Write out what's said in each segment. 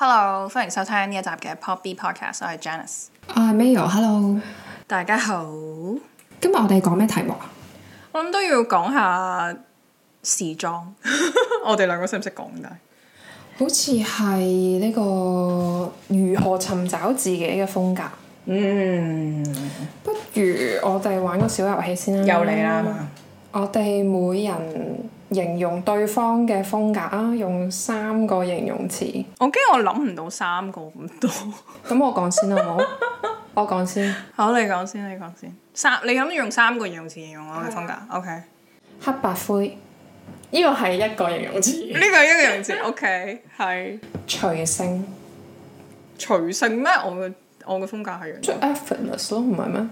Hello，歡迎收聽呢一集嘅 Pop B Podcast，我係 Janice，我係 Mayo。Hello，大家好。今日我哋講咩題目啊？我諗都要講下時裝。 我哋兩個識唔識講噶？但係好似係呢個如何尋找自己嘅風格。嗯，不如我哋玩個小遊戲先啦。又嚟啦，媽我哋每人。形容對方嘅風格啊，用三個形容詞。我驚我諗唔到三個咁多。咁 我講先好唔好？我講先。好， 你講先，你講先。三，你咁用三個形容詞形容我嘅風格。O K、哦。Okay. 黑白灰，呢、呢個係一個形容詞。呢個係一個形容詞。O、okay. K。係聲。隨性。隨性咩？我嘅我嘅風格係做即 effortless 唔係咩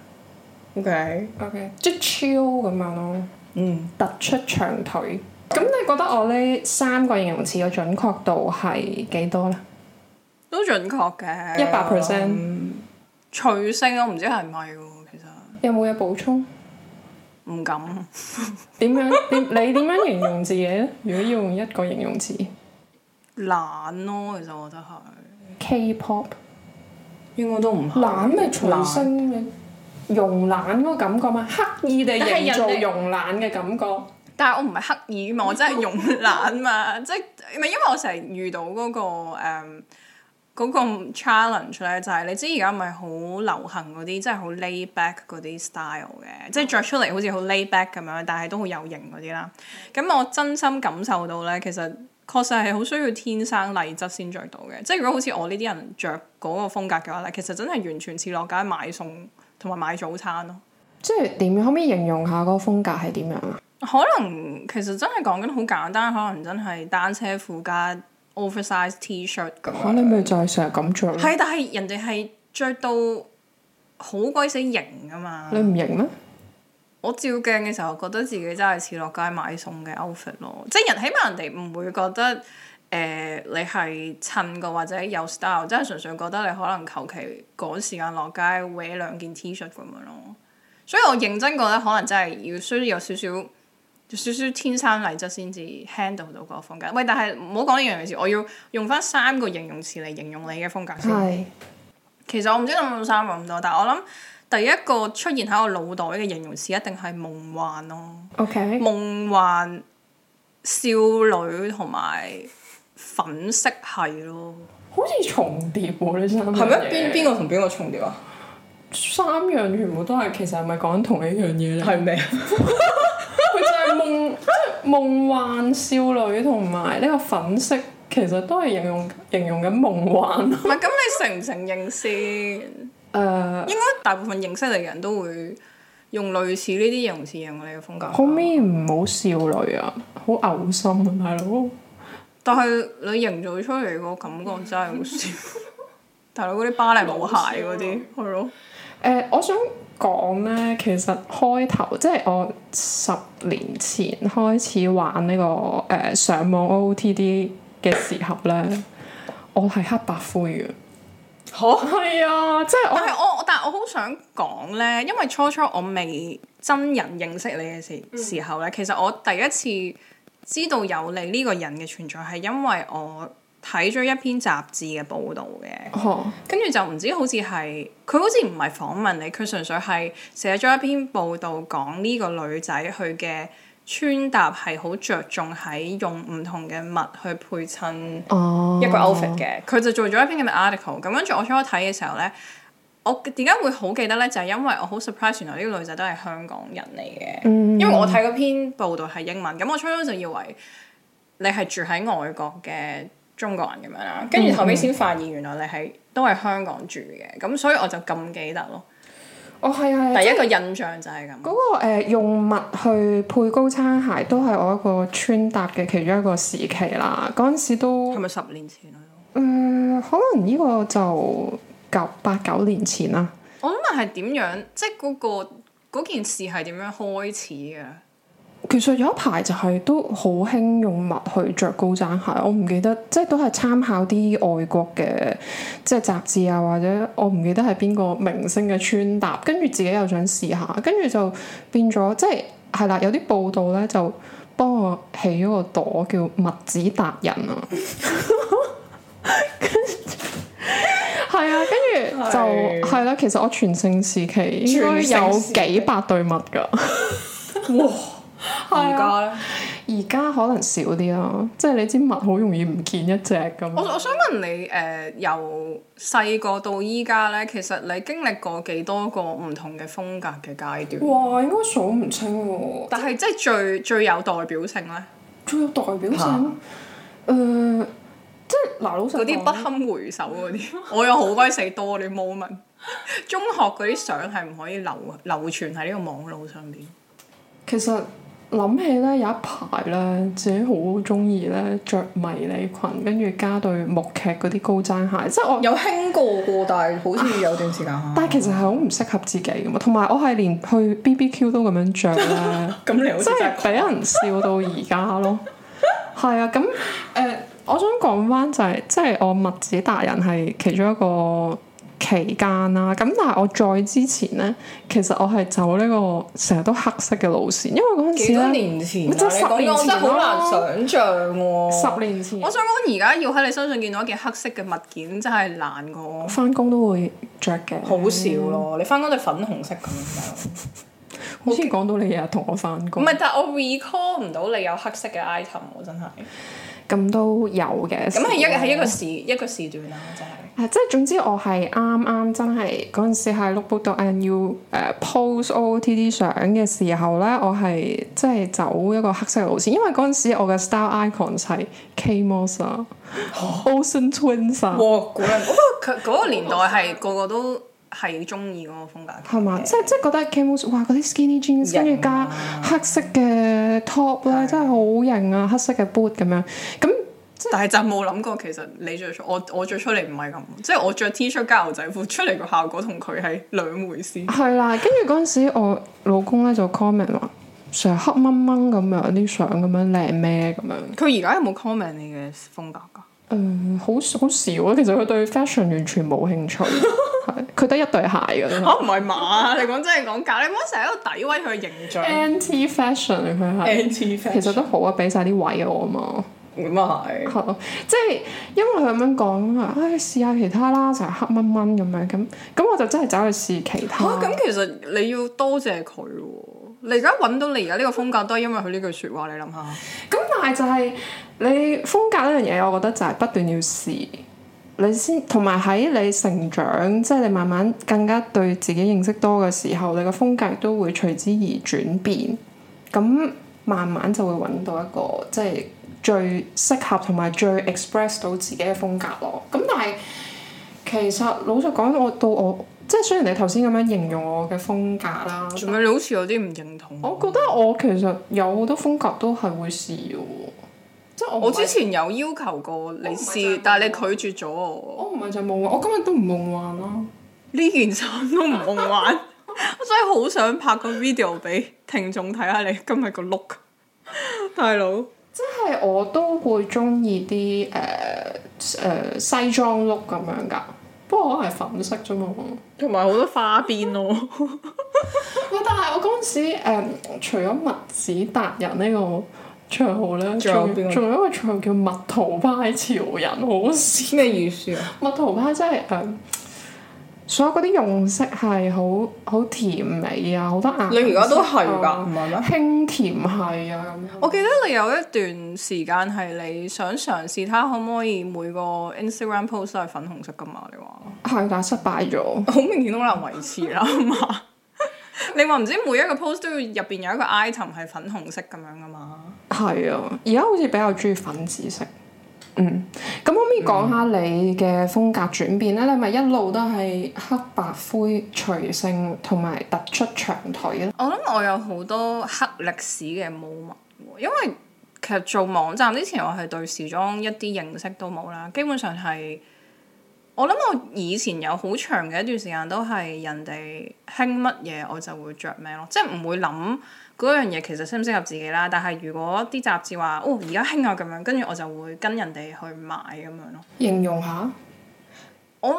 ？O K。O K。just chill 咁樣咯。嗯，突出長腿。咁你覺得我呢三個形容詞嘅準確度係幾多呢？都準確嘅，一百 percent。隨性、嗯，我唔知係唔係喎，其實是是。有冇嘢補充？唔敢。點樣？點你點樣形容自己咧？ 如果要用一個形容詞，懶咯，其實我覺得係。K-pop 應該都唔係。懶咪隨性嘅。慵懶嗰個感覺嘛，刻意地營造慵懶嘅感覺。但係我唔係刻意啊嘛，我真係慵懶嘛， 即係咪因為我成日遇到嗰個誒嗰個 challenge 咧，就係你知而家咪好流行嗰啲，即係好 layback 嗰啲 style 嘅，即係着出嚟好似好 layback 咁樣，但係都好有型嗰啲啦。咁我真心感受到咧，其實確實係好需要天生麗質先着到嘅。即係如果好似我呢啲人着嗰個風格嘅話咧，其實真係完全似落街買餸。同埋買早餐咯，即係點樣可唔可以形容下嗰個風格係點樣啊？可能其實真係講緊好簡單，可能真係單車褲加 oversize T-shirt 咁。Shirt 可能咪就係成日咁着。係，但係人哋係着到好鬼死型噶嘛？你唔型咩？我照鏡嘅時候覺得自己真係似落街買餸嘅 outfit 咯，即係人起碼人哋唔會覺得。誒、呃，你係襯過或者有 style，即係純粹覺得你可能求其趕時間落街，搵兩件 T 恤咁樣咯。所以我認真覺得可能真係要需要有少少有少少天生麗質先至 handle 到個風格。喂，但係唔好講呢樣嘢，我要用翻三個形容詞嚟形容你嘅風格先。是其實我唔知諗到三個咁多，但係我諗第一個出現喺我腦袋嘅形容詞一定係夢幻咯。o Okay .夢幻少女同埋。粉色係咯，好似重疊喎呢三，係咪一邊，邊個同邊個重疊啊？三樣全部都係，其實係咪講同一樣嘢咧？係咪？佢 就係夢，即係夢幻少女同埋呢個粉色，其實都係形容形容緊夢幻。唔係咁，你承唔承認先？誒，應該大部分認識你嘅人都會用類似呢啲形容詞形容你嘅風格。好咩唔好少女啊，好嘔心啊，大佬！但係你營造出嚟個感覺真係好笑。 大佬嗰啲芭蕾舞鞋嗰啲係咯。誒、啊了呃，我想講咧，其實開頭即係我十年前開始玩呢、這個誒、呃、上網 OOTD 嘅時候咧， 我係黑白灰嘅。嚇係啊！即係我係我，但係我好想講咧，因為初初我未真人認識你嘅時時候咧，嗯、其實我第一次。知道有你呢個人嘅存在係因為我睇咗一篇雜誌嘅報道嘅，oh. 跟住就唔知好似係佢好似唔係訪問你，佢純粹係寫咗一篇報道講呢個女仔佢嘅穿搭係好着重喺用唔同嘅物去配襯一個 outfit 嘅，佢、oh. 就做咗一篇嘅 article，咁跟住我初一睇嘅時候呢。我點解會好記得呢？就係、是、因為我好 surprise，原來呢個女仔都係香港人嚟嘅。嗯、因為我睇嗰篇報道係英文，咁我初初就以為你係住喺外國嘅中國人咁樣啦。跟住後尾先發現，原來你係都係香港住嘅。咁所以我就咁記得咯。哦，係啊，第一個印象就係咁。嗰、嗰個、呃、用襪去配高踭鞋都係我一個穿搭嘅其中一個時期啦。嗰陣時都係咪十年前、呃、可能呢個就。八九年前啦，我諗問係點樣，即係嗰個嗰件事係點樣開始嘅？其實有一排就係都好興用襪去着高踭鞋，我唔記得，即係都係參考啲外國嘅即係雜誌啊，或者我唔記得係邊個明星嘅穿搭，跟住自己又想試下，跟住就變咗，即係係啦，有啲報道咧就幫我起咗個朵叫襪子達人啊。 係啊，跟住就係啦是、啊。其實我全盛時期應該有幾百對襪噶， 哇！而家而家可能少啲啦，即係你啲襪好容易唔見一隻咁。我我想問你，誒、呃，由細個到依家咧，其實你經歷過幾多個唔同嘅風格嘅階段？哇，應該數唔清喎、啊。但係即係最即最有代表性咧，最有代表性咯，誒、呃。即係嗱，老實講，嗰啲不堪回首嗰啲，我有好鬼死多你 moment。中學嗰啲相係唔可以流流傳喺呢個網路上邊。其實諗起咧，有一排咧，自己好中意咧，着迷你裙，跟住加對木屐嗰啲高踭鞋。即係我有興過過，但係好似有段時間，但係其實係好唔適合自己嘅嘛。同埋我係連去 BBQ 都咁樣着啦。咁你好似即係俾人笑到而家咯。係啊，咁誒。我想講返就係、是，即係我墨子達人係其中一個期間啦、啊。咁但係我再之前咧，其實我係走呢個成日都黑色嘅路線，因為嗰陣時幾多年前、啊，真十年真係好、啊、難想像喎、啊。十年前，我想講而家要喺你身上見到一件黑色嘅物件，真係難過。返工都會着嘅，好少咯。你返工對粉紅色咁樣， 好似講到你日日同我返工。唔係、okay.，但係我 recall 唔到你有黑色嘅 item 喎，我真係。咁都有嘅。咁係一係一個時，一個時段啦、啊，真係。係即係總之我剛剛 nu,、uh,，我係啱啱真係嗰陣時係 lookbook 到 N U 誒 post O T D 相嘅時候咧，我係即係走一個黑色路線，因為嗰陣時我嘅 style icons 係 K Moser、Ocean、 awesome、Twins 啊哇果然。哇！古靈，嗰個年代係個個都。係中意嗰個風格，係嘛嗎？欸、即即覺得 Camus 哇，嗰啲 skinny jeans，跟住、啊、加黑色嘅 top 咧，對真係好型啊！黑色嘅 boot 咁樣，咁但係就冇諗過，其實你着出我我著出嚟唔係咁，即我着 T 恤加牛仔褲出嚟個效果同佢係兩回事。係啦，跟住嗰陣時我老公咧就 comment 話，成日黑掹掹咁樣啲相咁樣靚咩咁樣。佢而家有冇 comment 你嘅風格㗎？誒、呃，好少好少咯，其實佢對 fashion 完全冇興趣，佢得 一對鞋嘅啫。啊，唔係嘛？ 你講真定講假？你唔好成日喺度詆毀佢嘅形象。Anti fashion，佢係，Anti fashion 其實都好啊，俾晒啲位我啊嘛。咁啊係，即係，因為佢咁樣講啊，誒，試下其他啦，成日黑蚊蚊咁樣咁，咁我就真係走去試其他。咁、啊、其實你要多謝佢。你而家揾到你而家呢個風格都係因為佢呢句説話，你諗下。咁但係就係你風格呢樣嘢，我覺得就係不斷要試，你先同埋喺你成長，即係你慢慢更加對自己認識多嘅時候，你嘅風格都會隨之而轉變。咁慢慢就會揾到一個即係最適合同埋最 express 到自己嘅風格咯。咁但係其實老實講，我到我。即係雖然你頭先咁樣形容我嘅風格啦，仲有你好似有啲唔認同。我覺得我其實有好多風格都係會試嘅喎，即係我。我之前有要求過你試，但係你拒絕咗我。我唔係就夢幻，我今日都唔夢幻啦。呢件衫都唔夢幻，我真係好想拍個 video 俾聽眾睇下你今日個 look，大佬。即係我都會中意啲誒誒西裝 look 咁樣㗎。可能係粉色啫嘛，同埋好多花邊咯。但係我嗰陣時，誒、嗯，除咗墨子達人個呢個賬號咧，仲仲有,有一個賬號叫蜜桃派潮人，好先嘅意思啊？蜜桃派真係誒。嗯所有嗰啲用色係好好甜美啊，好多顏色啊。你而家都係噶，唔係咩，輕甜係啊。咁我記得你有一段時間係你想嘗試，睇下可唔可以每個 Instagram post 都係粉紅色噶嘛？你話係，但失敗咗，好明顯都難維持啦嘛。 你話唔知每一個 post 都要入邊有一個 item 係粉紅色咁樣噶嘛？係啊，而家好似比較中意粉紫色。嗯，咁可唔可以講下你嘅風格轉變咧？嗯、你咪一路都係黑白灰隨性同埋突出長腿咯。我諗我有好多黑歷史嘅舞物，因為其實做網站之前我係對時裝一啲認識都冇啦，基本上係我諗我以前有好長嘅一段時間都係人哋興乜嘢我就會着咩咯，即係唔會諗。嗰樣嘢其實適唔適合自己啦，但係如果啲雜誌話哦而家興啊咁樣，跟住我就會跟人哋去買咁樣咯。形容下，我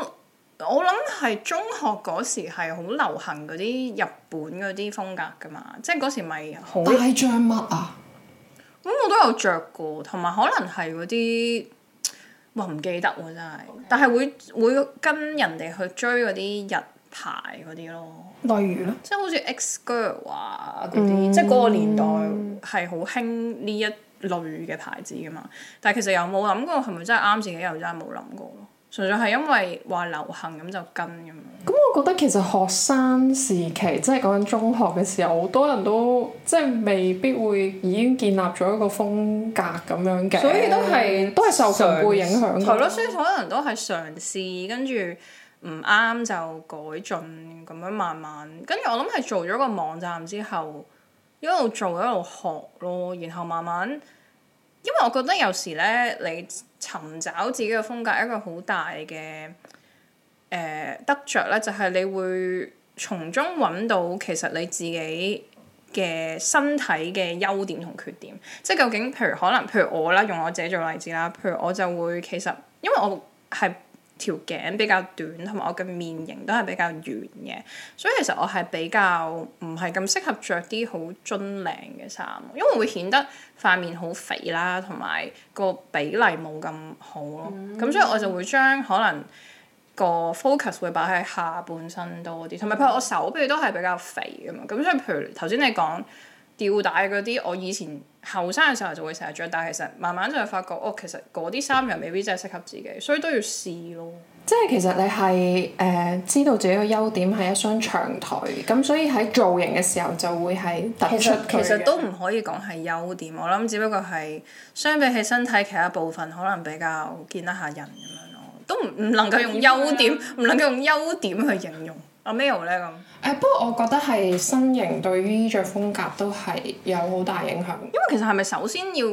我諗係中學嗰時係好流行嗰啲日本嗰啲風格㗎嘛，即係嗰時咪好大着乜啊？咁、嗯、我都有着過，同埋可能係嗰啲，哇我唔記得喎真係。Okay. 但係會會跟人哋去追嗰啲日。牌嗰啲咯，例如咯，即係好似 X Girl 啊嗰啲，嗯、即係嗰個年代係好興呢一類嘅牌子噶嘛。但係其實又冇諗過係咪真係啱自己，又真係冇諗過咯。純粹係因為話流行咁就跟咁樣。咁、嗯、我覺得其實學生時期，即係講緊中學嘅時候，好多人都即係、就是、未必會已經建立咗一個風格咁樣嘅，所以都係試都係受上輩影響。係咯，所以好多人都係嘗試，嘗試跟住。唔啱就改進，咁樣慢慢。跟住我諗係做咗個網站之後，一路做一路學咯，然後慢慢。因為我覺得有時呢，你尋找自己嘅風格一個好大嘅誒、呃、得着呢，就係、是、你會從中揾到其實你自己嘅身體嘅優點同缺點。即係究竟，譬如可能，譬如我啦，用我自己做例子啦，譬如我就會其實，因為我係。條頸比較短，同埋我嘅面型都係比較圓嘅，所以其實我係比較唔係咁適合着啲好樽領嘅衫，因為會顯得塊面好肥啦，同埋個比例冇咁好咯。咁、嗯、所以我就會將可能個 focus 會擺喺下半身多啲，同埋譬如我手臂都係比較肥嘅嘛。咁所以譬如頭先你講吊帶嗰啲，我以前。後生嘅時候就會成日着，但係其實慢慢就會發覺，哦，其實嗰啲衫又未必真係適合自己，所以都要試咯。即係其實你係誒、呃、知道自己嘅優點係一雙長腿，咁所以喺造型嘅時候就會係突出佢。其實,其實都唔可以講係優點，我諗只不過係相比起身體其他部分，可能比較見得下人咁樣咯，都唔唔能夠用優點，唔能夠用優點去形容。阿苗咧咁，誒、欸、不過我覺得係身形對於衣著風格都係有好大影響。因為其實係咪首先要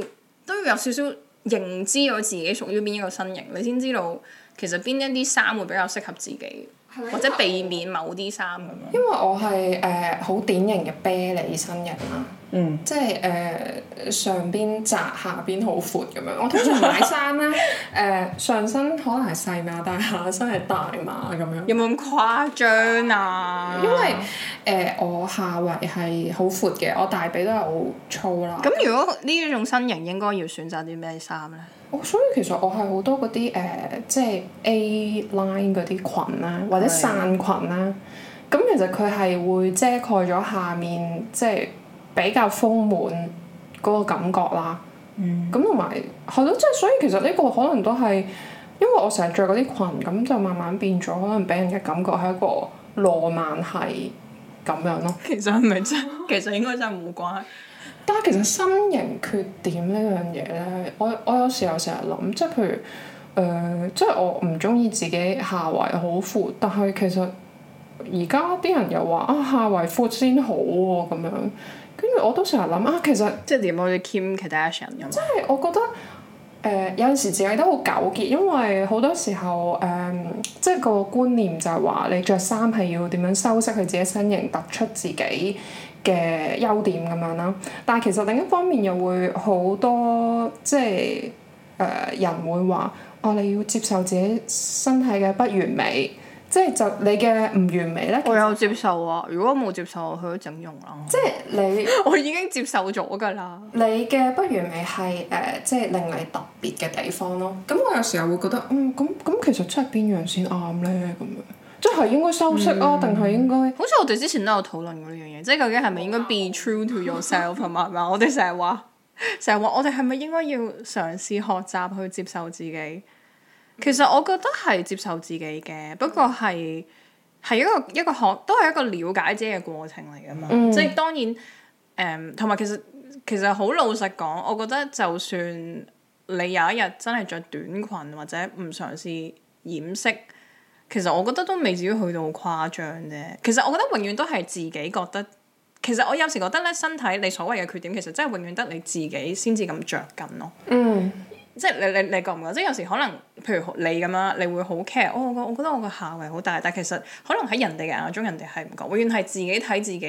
都要有少少認知咗自己屬於邊一個身形，你先知道其實邊一啲衫會比較適合自己。或者避免某啲衫咁樣。因為我係誒好典型嘅啤梨身形啦，嗯、即係誒、呃、上邊窄下邊好闊咁樣。我通常買衫咧，誒、 呃、上身可能係細碼，但係下身係大碼咁樣。有冇咁誇張啊？因為誒、呃、我下圍係好闊嘅，我大髀都係好粗啦。咁如果呢一種身形應該要選擇啲咩衫咧？所以其實我係好多嗰啲誒，即係 A line 嗰啲裙啦，或者散裙啦，咁對其實佢係會遮蓋咗下面，即係比較豐滿嗰個感覺啦。嗯，咁同埋係咯，即係所以其實呢個可能都係因為我成日着嗰啲裙，咁就慢慢變咗，可能俾人嘅感覺係一個浪漫系咁樣咯。其實係咪真， 其實應該真係冇關。但係其實身形缺點呢樣嘢咧，我我有時候成日諗，即係譬如誒、呃，即係我唔中意自己下圍好闊，但係其實而家啲人又話啊下圍闊先好喎、啊、咁樣，跟住我都成日諗啊其實即係點啊？你 Kim Kardashian 咁？即係我覺得誒、呃、有陣時自己都好糾結，因為好多時候誒、呃，即係個觀念就係話你着衫係要點樣修飾佢自己身形，突出自己。嘅優點咁樣啦，但係其實另一方面又會好多即係誒、呃、人會話，哦你要接受自己身體嘅不完美，即係就你嘅唔完美咧。我有接受啊，如果我冇接受，去整容啦。即係你， 我已經接受咗㗎啦。你嘅不完美係誒、呃，即係令你特別嘅地方咯。咁、嗯、我有時候會覺得，嗯，咁咁其實出邊樣先啱咧咁樣。即係應該修飾啊，定係、嗯、應該？好似我哋之前都有討論過呢樣嘢，即係究竟係咪應該 be true to yourself 係嘛？ 係嘛？我哋成日話，成日話，我哋係咪應該要嘗試學習去接受自己？其實我覺得係接受自己嘅，不過係係一個一個學，都係一個了解自己嘅過程嚟噶嘛。即係、嗯、當然，誒、嗯，同埋其實其實好老實講，我覺得就算你有一日真係着短裙或者唔嘗試掩飾。其實我覺得都未至於去到好誇張啫。其實我覺得永遠都係自己覺得。其實我有時覺得咧，身體你所謂嘅缺點，其實真係永遠得你自己先至咁着緊咯。嗯。即係你你你覺唔覺？即係有時可能，譬如你咁啦，你會好 care、哦。我我我覺得我個下圍好大，但係其實可能喺人哋嘅眼中，人哋係唔覺。永遠係自己睇自己，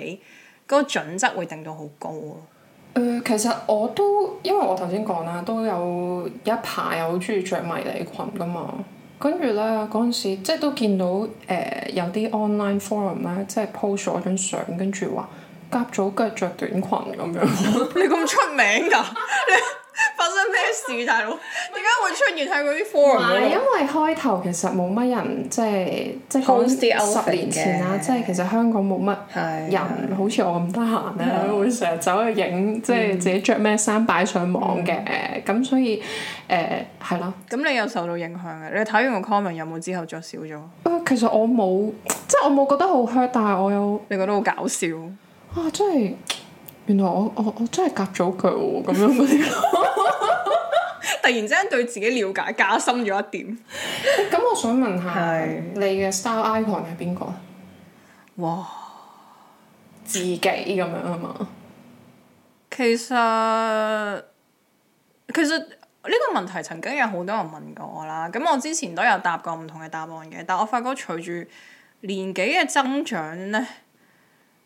嗰個準則會定到好高咯。誒、呃，其實我都因為我頭先講啦，都有一排又好中意着迷你裙噶嘛。跟住咧，嗰陣時即係都見到誒有啲 online forum 咧，即係 post 咗張相，跟住話夾咗腳着短裙咁樣。 你咁出名㗎？ 做咩事，大佬？點解會出現喺嗰啲 forum？唔係因為開頭其實冇乜人，即係即係好十年前啦，的即係其實香港冇乜人的好似我咁得閒咧，的會成日走去影，即係自己着咩衫擺上網嘅。咁、嗯嗯、所以誒，係、呃、咯。咁你有受到影響嘅？你睇完個 comment 有冇之後着少咗？其實我冇，即係我冇覺得好 hurt，但係我有。你覺得好搞笑啊！真係。原來我我我真係夾咗句喎，咁樣嗰啲， 突然之間對自己了解加深咗一點、 欸。咁我想問，問下，是你嘅 style icon 係邊個？哇，自己咁樣啊嘛實。其實其實呢個問題曾經有好多人問過我啦，咁我之前都有答過唔同嘅答案嘅，但我發覺隨住年紀嘅增長咧。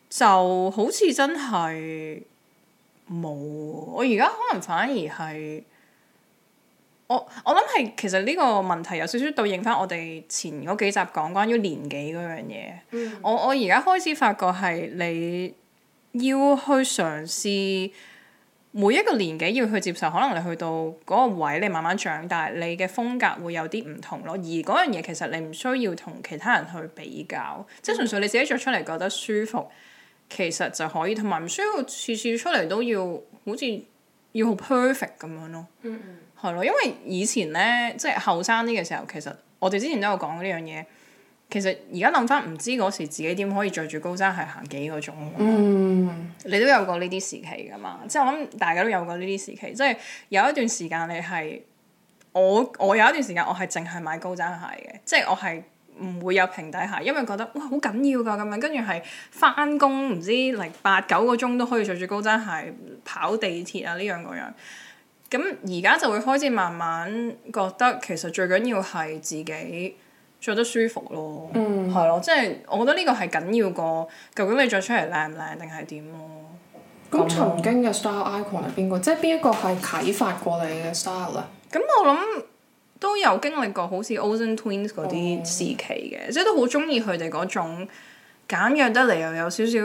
就好似真係冇，我而家可能反而係，我我諗係其實呢個問題有少少對應翻我哋前嗰幾集講關於年紀嗰樣嘢。嗯。我我而家開始發覺係你要去嘗試每一個年紀要去接受，可能你去到嗰個位，你慢慢長大，你嘅風格會有啲唔同咯。而嗰樣嘢其實你唔需要同其他人去比較，嗯。即係純粹你自己着出嚟覺得舒服。其實就可以，同埋唔需要次次出嚟都要好似要好 perfect 咁樣咯。嗯嗯，係咯，因為以前呢，即係後生啲嘅時候，其實我哋之前都有講呢樣嘢。其實而家諗翻，唔知嗰時自己點可以着住高踭鞋行幾個鐘。嗯，嗯，嗯，你都有過呢啲時期㗎嘛？即係我諗大家都有過呢啲時期。即係有一段時間你係我我有一段時間我係淨係買高踭鞋嘅，即係我係。唔會有平底鞋，因為覺得哇好緊要噶咁樣。跟住係返工唔知嚟八九個鐘都可以着住高踭鞋跑地鐵啊，呢樣嗰樣。咁而家就會開始慢慢覺得其實最緊要係自己着得舒服咯。嗯，係咯，即係我覺得呢個係緊要過究竟你着出嚟靚唔靚定係點咯？咁曾、嗯嗯、經嘅 style icon 係邊個？即係邊一個係啟發過你嘅 style 啊？咁我諗。都有經歷過好似 Olsen Twins 嗰啲時期嘅，oh。即係都好中意佢哋嗰種簡約得嚟又有少少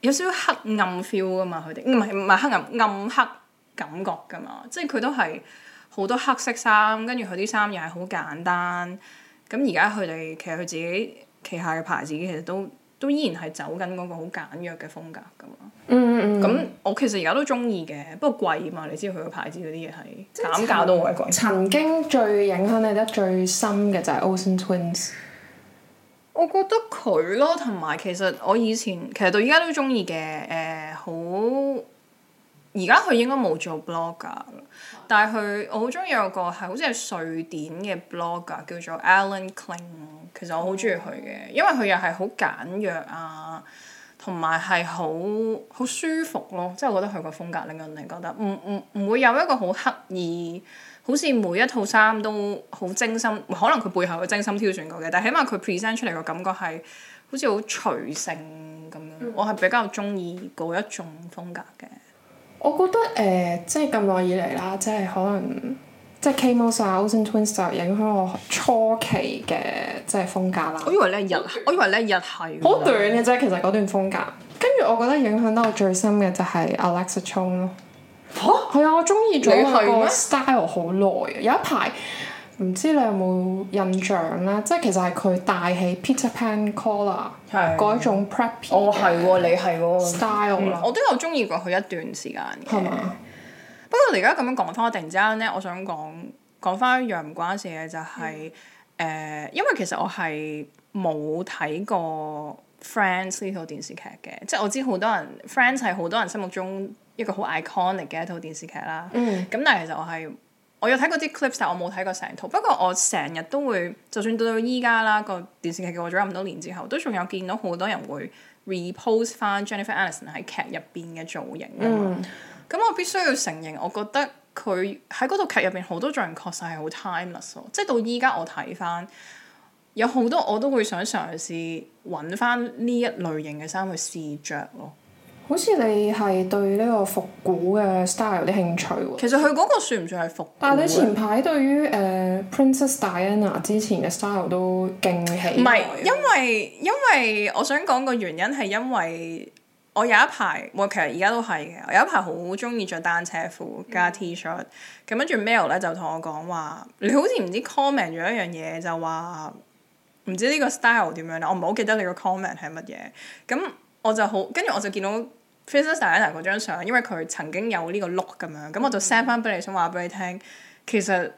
有少少黑暗 feel 噶嘛，佢哋唔係唔係黑暗暗黑感覺噶嘛，即係佢都係好多黑色衫，跟住佢啲衫又係好簡單。咁而家佢哋其實佢自己旗下嘅牌子其實都。都依然係走緊嗰個好簡約嘅風格噶嘛，咁、mm hmm. 嗯、我其實而家都中意嘅，不過貴嘛，你知佢個牌子嗰啲嘢係減價都好貴。曾經最影響你得最深嘅就係 Ocean Twins，我覺得佢咯，同埋其實我以前其實到而家都中意嘅，誒、呃、好。而家佢應該冇做 blogger、嗯、但係佢我好中意有個係好似係瑞典嘅 blogger 叫做 Alan Kling，其實我好中意佢嘅，嗯、因為佢又係好簡約啊，同埋係好好舒服咯。即係我覺得佢個風格令到人哋覺得唔唔唔會有一個好刻意，好似每一套衫都好精心，可能佢背後嘅精心挑選過嘅，但係起碼佢 present 出嚟個感覺係好似好隨性咁樣。嗯、我係比較中意嗰一種風格嘅。我覺得誒、呃，即係咁耐以嚟啦，即係可能即係 Kate Moss 啊、Olsen Twins 就影響我初期嘅即係風格啦。我以為你日我，我以為你是日係。好短嘅啫，其實嗰段風格。跟住我覺得影響得我最深嘅就係 Alexa Chung 咯。嚇蛤！係、嗯、啊，我中意咗個 style 好耐有一排。唔知你有冇印象啦，即係其實係佢帶起 Peter Pan collar 嗰一種 preppy、哦哦哦、style，、嗯、我都有鍾意過佢一段時間。係嘛嗎？不過你而家咁樣講翻，突然之間咧，我想講講翻一樣唔關事嘅、就是，就係誒，因為其實我係冇睇過 Friends 呢套電視劇嘅，即係我知好多人、嗯、Friends 係好多人心目中一個好 iconic 嘅一套電視劇啦。嗯。咁但係其實我係。我有睇過啲 clips，但我冇睇過成套。不過我成日都會，就算到到依家啦，個電視劇，劇，劇過咗咁多年之後，都仲有見到好多人會 repost 翻 Jennifer Aniston 喺劇入邊嘅造型。咁、mm. 我必須要承認，我覺得佢喺嗰套劇入邊好多造型確實係好 timeless，即係到依家我睇翻有好多我都會想嘗試揾翻呢一類型嘅衫去試着咯。好似你係對呢個復古嘅 style 有啲興趣喎。其實佢嗰個算唔算係復古？但係你前排對於誒、呃、Princess Diana 之前嘅 style 都勁興。唔係，因為因為我想講個原因係因為我有一排，我其實而家都係嘅。我有一排好中意着單車褲加 T-shirt。咁、嗯、跟住 Mel 咧就同我講話，你好似唔知 comment 咗一樣嘢，就話唔知呢個 style 點樣啦。我唔係好記得你個 comment 係乜嘢。咁我就好，跟住我就見到，Princess Diana 嗰張相，因為佢曾經有呢個 look 咁樣，咁、嗯、我就 send 翻俾你，想話俾你聽，其實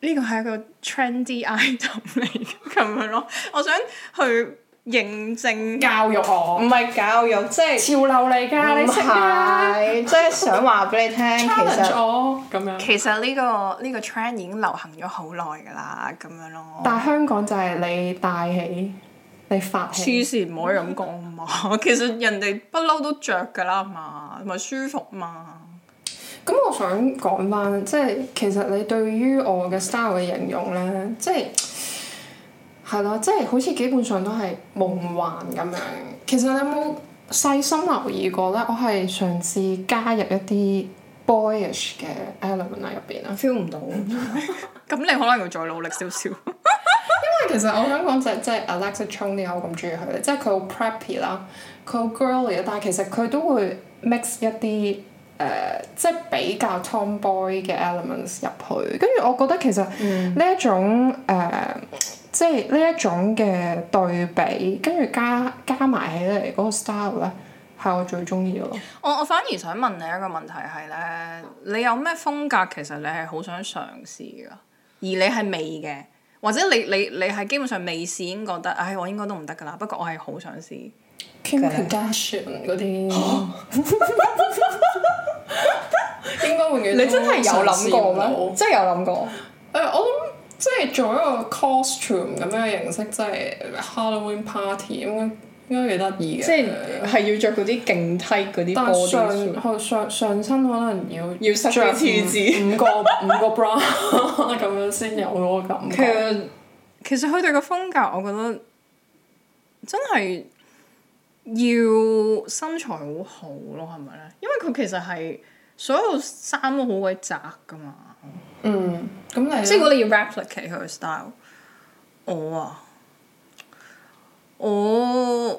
呢個係一個 trendy item 嚟，咁樣咯。我想去認證教育我，唔係教育，即係潮流嚟㗎，是你識啲啊？即係 想話俾你聽， 其實其實呢、呢個呢、呢個 trend 已經流行咗好耐㗎啦，咁樣咯。但係香港就係你帶起。你發黐線唔可以咁講嘛！ 其實人哋不嬲都着㗎啦嘛，咪舒服嘛。咁我想講翻，即係其實你對於我嘅 style 嘅形容咧，即係係咯，即係、就是、好似基本上都係夢幻咁樣。其實你有冇細心留意過咧？我係嘗試加入一啲 boyish 嘅 element 啊入邊啊，我 feel 唔 到。咁 你可能要再努力少少。 其實我想講就即係 Alexa Chung 啲我咁中意佢，即係佢好 preppy 啦，佢好 girlly，但係其實佢都會 mix 一啲誒、呃、即係比較 tomboy 嘅 elements 入去，跟住我覺得其實呢、嗯、一種誒、呃、即係呢一種嘅對比，跟住加加埋起嚟嗰個 style 咧係我最中意嘅咯。我我反而想問你一個問題係咧，你有咩風格其實你係好想嘗試噶，而你係未嘅？或者你你你係基本上未試已經覺得唉、哎，我應該都唔得噶啦。不過我係好想試。Kim Kardashian 嗰啲。 應該會，你真係有諗過咩？真係有諗過。誒、 嗯，我諗即係做一個 costume 咁樣嘅形式，即係 Halloween party 咁樣。應該幾得意嘅，即係要着嗰啲勁 t 嗰啲。但了上上上身可能要要十分黐字，五個五 個 bra 咁 樣先有嗰個感覺。其實其實佢哋嘅風格，我覺得真係要身材好好咯，係咪咧？因為佢其實係所有衫都好鬼窄㗎嘛。嗯。咁你即係如果你要 replicate 佢嘅 style，我啊～我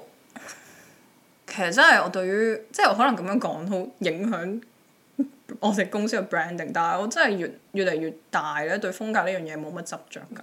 其實真係我對於即係，我可能咁樣講好影響我哋公司嘅 branding，但係我真係越越嚟越大咧，對風格呢樣嘢冇乜執著咁。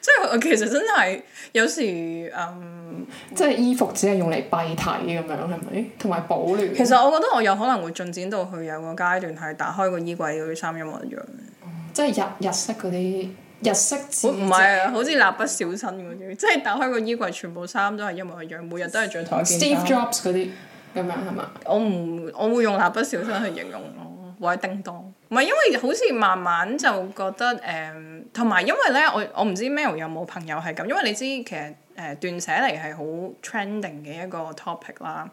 即係我其實真係有時嗯，um，即係衣服只係用嚟蔽體咁樣，係咪？同埋保暖。其實我覺得我有可能會進展到去有個階段係打開個衣櫃嗰啲衫一模一樣，嗯，即係日日式嗰啲。日式唔係啊，好似蠟筆小新嗰啲，即係打開個衣櫃，全部衫都係一模一樣，每日都係著同一件。Steve Jobs 嗰啲咁樣係嘛？我唔我會用蠟筆小新去形容咯，或者叮噹。唔係因為好似慢慢就覺得誒，嗯、同埋因為呢，我我唔知 Mel 有冇朋友係咁，因為你知其實誒呃、斷捨離係好 trending 嘅一個 topic 啦。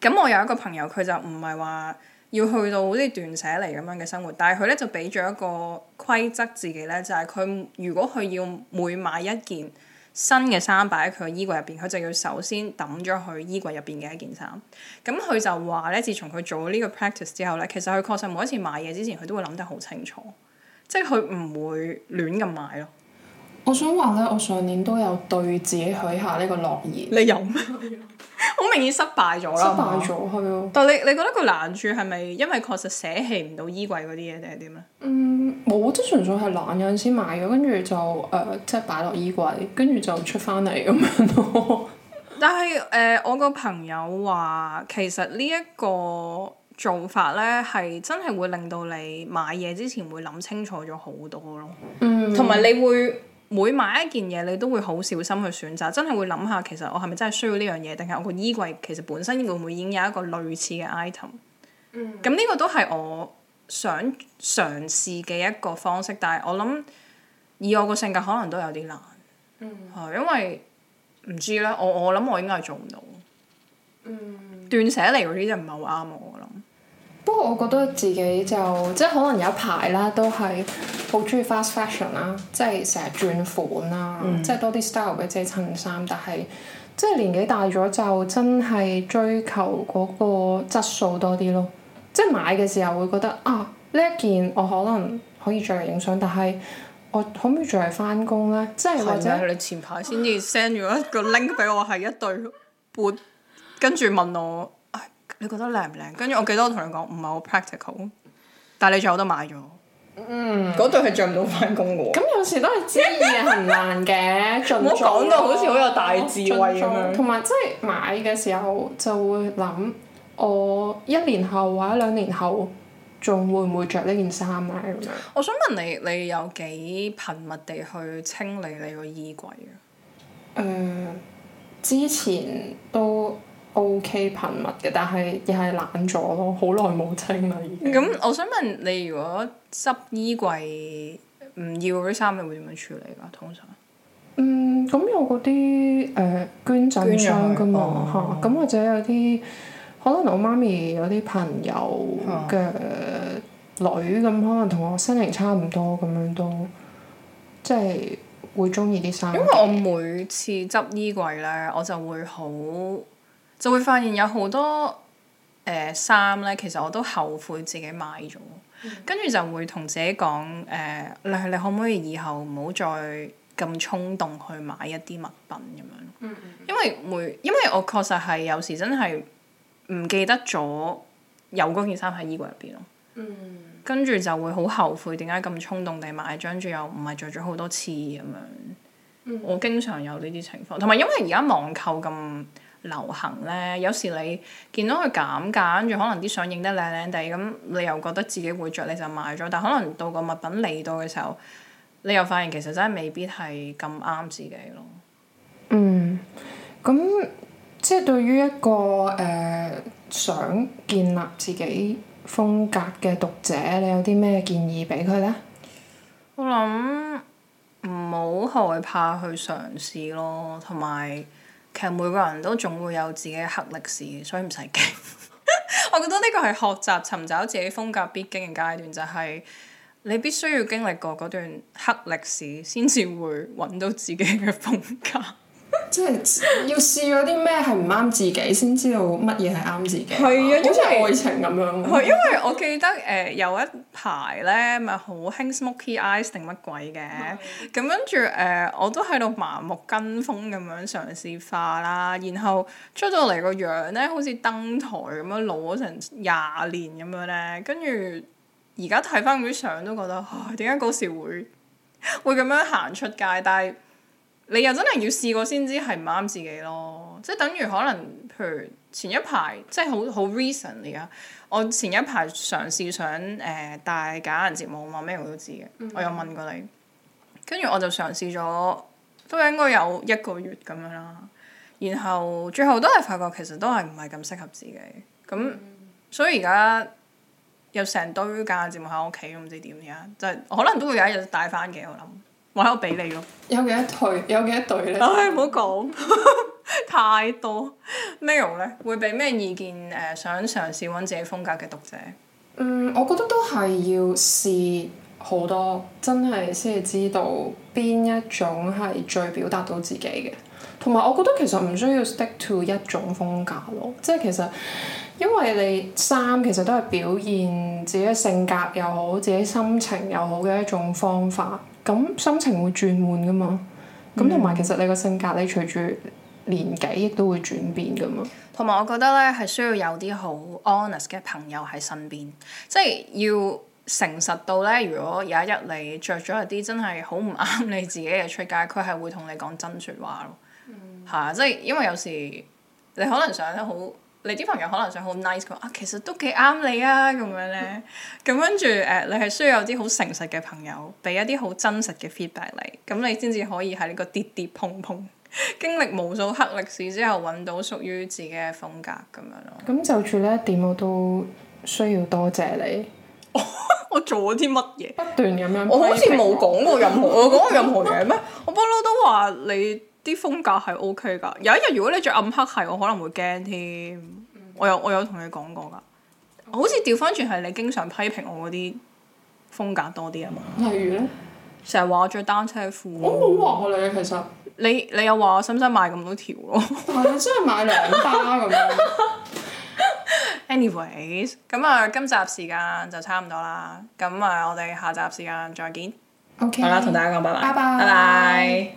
咁我有一個朋友，佢就唔係話，要去到好似斷捨離咁樣嘅生活，但係佢咧就俾咗一個規則自己咧，就係佢如果佢要每買一件新嘅衫擺喺佢衣櫃入邊，佢就要首先抌咗佢衣櫃入邊嘅一件衫。咁佢就話咧，自從佢做咗呢個 practice 之後咧，其實佢確實每一次買嘢之前，佢都會諗得好清楚，即係佢唔會亂咁買咯。我想話咧，我上年都有對自己許下呢個諾言。你有咩？好 明顯失敗咗啦！失敗咗，係吧啊！但你你覺得個難處係咪因為確實捨棄唔到衣櫃嗰啲嘢定係點咧？嗯，冇、呃，即係純粹係懶，有陣時買咗，跟住就誒即係擺落衣櫃，跟住就出翻嚟咁樣咯。呵呵，但係誒、呃，我個朋友話其實呢一個做法咧係真係會令到你買嘢之前會諗清楚咗好多咯。嗯，同埋你會。每買一件嘢，你都會好小心去選擇，真係會諗下其實我係咪真係需要呢樣嘢，定係我個衣櫃其實本身會唔會已經有一個類似嘅 item？嗯，咁呢個都係我想嘗試嘅一個方式，但係我諗以我個性格可能都有啲難，係、嗯、因為唔知咧，我我諗我應該係做唔到，嗯，斷捨離嗰啲就唔係好啱我諗。我不過我覺得自己就即係可能有一排啦，都係。好中意 fast fashion 啦，啊，即係成日轉款啦，啊，嗯，即係多啲 style 嘅，即係襯衫，但係即係年紀大咗就真係追求嗰個質素多啲咯。即係買嘅時候會覺得啊，呢一件我可能可以再嚟影相，但係我可唔可以再嚟返工咧？即係或者你前排先至 send 咗一個 link 俾我係一對半，跟住問我，哎，你覺得靚唔靚？跟住我記得我同你講唔係好 practical，但係你仲有得買咗。嗯，嗰度係著唔到翻工嘅喎。咁、嗯、有時都係知易行 難嘅，盡。唔好講到好似好有大智慧咁樣。同埋即係買嘅時候就會諗，我一年後或者兩年後仲會唔會着呢件衫咧咁樣？我想問你，你有幾頻密地去清理你個衣櫃啊？誒、嗯，之前都。O、okay, K 頻密嘅，但係又係懶咗咯，好耐冇清啦，已經。咁我想問你，如果執衣櫃唔要嗰啲衫，你會點樣處理㗎？通常。嗯，咁有嗰啲誒捐贈箱㗎嘛？嚇，咁、哦啊、或者有啲可能我媽咪有啲朋友嘅女咁，哦、可能同我身形差唔多，咁樣都即係會中意啲衫。因為我每次執衣櫃咧，我就會好。就會發現有好多誒衫咧，其實我都後悔自己買咗，跟住、mm hmm. 就會同自己講誒、呃，你你可唔可以以後唔好再咁衝動去買一啲物品咁樣？Mm hmm. 因為會因為我確實係有時真係唔記得咗有嗰件衫喺衣櫃入邊咯，跟住、mm hmm. 就會好後悔點解咁衝動地買，跟住又唔係着咗好多次咁樣。Mm hmm. 我經常有呢啲情況，同埋因為而家網購咁。流行咧，有時你見到佢減價，跟住可能啲相影得靚靚地，咁你又覺得自己會着，你就買咗。但可能到個物品嚟到嘅時候，你又發現其實真係未必係咁啱自己咯。嗯，咁即係對於一個誒、呃、想建立自己風格嘅讀者，你有啲咩建議俾佢咧？我諗唔好害怕去嘗試咯，同埋。其實每個人都總會有自己嘅黑歷史，所以唔使驚。 我覺得呢個係學習尋找自己風格必經嘅階段，就係、是、你必須要經歷過嗰段黑歷史，先至會揾到自己嘅風格。即係要試嗰啲咩係唔啱自己，先知道乜嘢係啱自己。係啊，好似愛情咁樣。 係因為我記得誒有一排咧、ok，咪好興 smoky eyes 定乜鬼嘅。咁跟住誒，我都喺度盲目跟風咁樣嘗試化啦。然後出到嚟個樣咧，好似登台咁樣老咗成廿年咁樣咧。跟住而家睇翻嗰啲相，都覺得唉，點解嗰時會會咁樣行出街，但係你又真係要試過先知係唔啱自己咯，即係等於可能，譬如前一排即係好好 recent 而家，我前一排嘗試想誒戴、呃、假眼睫毛啊，咩我都知嘅，我有問過你，跟住、嗯、我就嘗試咗都應該有一個月咁樣啦，然後最後都係發覺其實都係唔係咁適合自己，咁、嗯、所以而家有成堆假眼睫毛喺屋企都唔知點樣而家，就係、可能都會有一日戴翻嘅我諗。我喺度俾你咯。有幾多對？有幾多對咧？唉，唔好講太多。咩用咧？會俾咩意見？誒、呃，想嘗試揾自己風格嘅讀者。嗯，我覺得都係要試好多，真係先至知道邊一種係最表達到自己嘅。同埋我覺得其實唔需要 stick to 一種風格咯，即係其實因為你衫其實都係表現自己嘅性格又好、自己心情又好嘅一種方法。咁心情會轉換噶嘛？咁同埋其實你個性格，你隨住年紀亦都會轉變噶嘛。同埋我覺得咧，係需要有啲好 honest 嘅朋友喺身邊，即係要誠實到咧。如果有一日你着咗一啲真係好唔啱你自己嘅出街，佢係會同你講真説話咯。嚇、mm. 啊！即係因為有時你可能想得好。你啲朋友可能想好 nice 佢啊，其實都幾啱你啊，咁樣咧。咁跟住誒，你係需要有啲好誠實嘅朋友，俾一啲好真實嘅 feedback 你，咁你先至可以喺呢個跌跌碰碰，經歷無數黑歷史之後，揾到屬於自己嘅風格咁樣咯。咁就住呢一點，點，我都需要多謝，謝你。 我做咗啲乜嘢？不斷咁樣，我好似冇講過任何， 我講過任何嘢咩？ 我不嬲都話你。啲風格係 OK 噶，有一日如果你着暗黑系，我可能會驚添。嗯。我有我有同你講過噶，Okay. 好似調翻轉係你經常批評我嗰啲風格多啲啊嘛。例如咧，成日話我着單車褲，我冇話過你啊。其實你你又話我使唔使買咁多條咯？係真係買兩包咁樣。Anyways，咁啊，今集時間就差唔多啦。咁啊，我哋下集時間再見。OK，好啦，同大家講拜拜，拜拜。